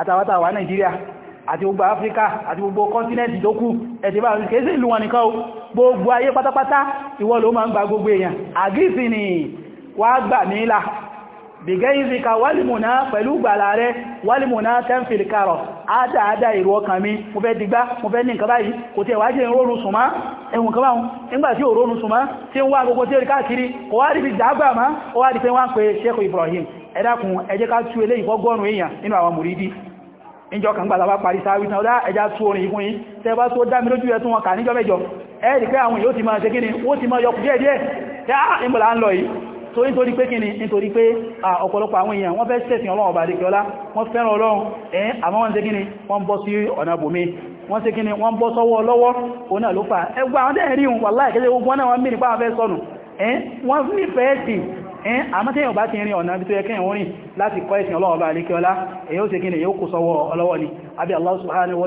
Speaker 1: àtàwátà wà Nàìjíríà àti gbogbo Áfíríkà àti gbogbo kọ́ntínẹ̀tì tó kù ẹ̀tì bá kèsí ìlú wọn nìkan gbogbo ayé pátápátá ìwọ ló máa ń gba gbogbo èèyàn àgífì ni wà gbà nílà bìgẹ́ ìzìkà wálìmùná pẹ̀lú gbàlà rẹ wálìmùná tẹ́ǹfìlì karọ̀ ádáadá ìrù ọkàn mi mo fẹ́ digbá mo fẹ́ ní nǹkan báyìí kò tí ẹ̀wà jẹ́ ìrọ̀rùn sùnmá ẹ̀hùn kan báhùn nígbàtí òrùn sùnmá tí Sheikh Ibrahim ẹ dákun ẹ jẹ́ ká tú eléyìí fọ́gọ́rùn-ún èèyàn nínú àwọn mùrídìí níjọ kan gbàtàwà parí sáwí tán ọdá ẹja tó orin ìkún yìí tẹba tó dámi lójú ẹ̀tún wọn kà níjọ mẹ́jọ ẹ̀rì pé àwọn yóò ti máa ṣe kíni ó ti máa yọkù díẹ̀ díẹ̀ tí á ìmọ̀lá ń lọ yìí tó nítorí pé kíni nítorí pé ọ̀pọ̀lọpọ̀ àwọn èèyàn wọ́n fẹ́ ṣẹ̀sìn ọlọ́run ọba àdékọ́lá wọ́n fẹ́ràn ọlọ́run ẹ̀ àmọ́ wọ́n ṣe kíni wọ́n bọ́ sí ọ̀nà bòmí wọ́n ṣe kíni wọ́n bọ́ sọ́wọ́ lọ́wọ́ òun ẹn àmọ́tẹ́yàn bá ti rin ọ̀nà bí tó yẹ kẹ́yàn orin láti kọ́ ẹ̀sìn ọlọ́ọ̀bá alékẹ́ọlá èyí ó se kí ni yóò kó sọwọ́ ọlọ́wọ́ ni àbí Allah subhanahu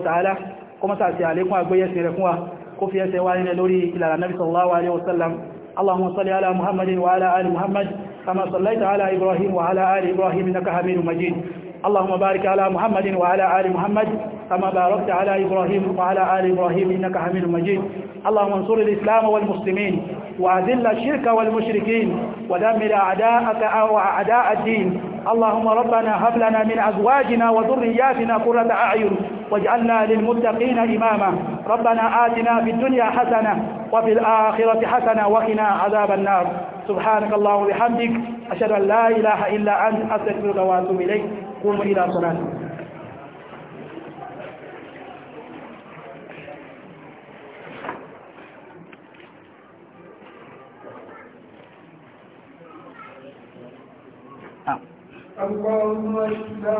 Speaker 1: wa اللهم انصر الإسلام والمسلمين وأذل الشرك والمشركين ودمر أعداءك أو أعداء الدين اللهم ربنا هب لنا من أزواجنا وذرياتنا قرة أعين واجعلنا للمتقين إماما ربنا آتنا في الدنيا حسنة وفي الآخرة حسنة وقنا عذاب النار سبحانك اللهم وبحمدك أشهد أن لا إله إلا أنت أستغفرك وأتوب إليك قوموا إلى صلاتكم القوم الإسلام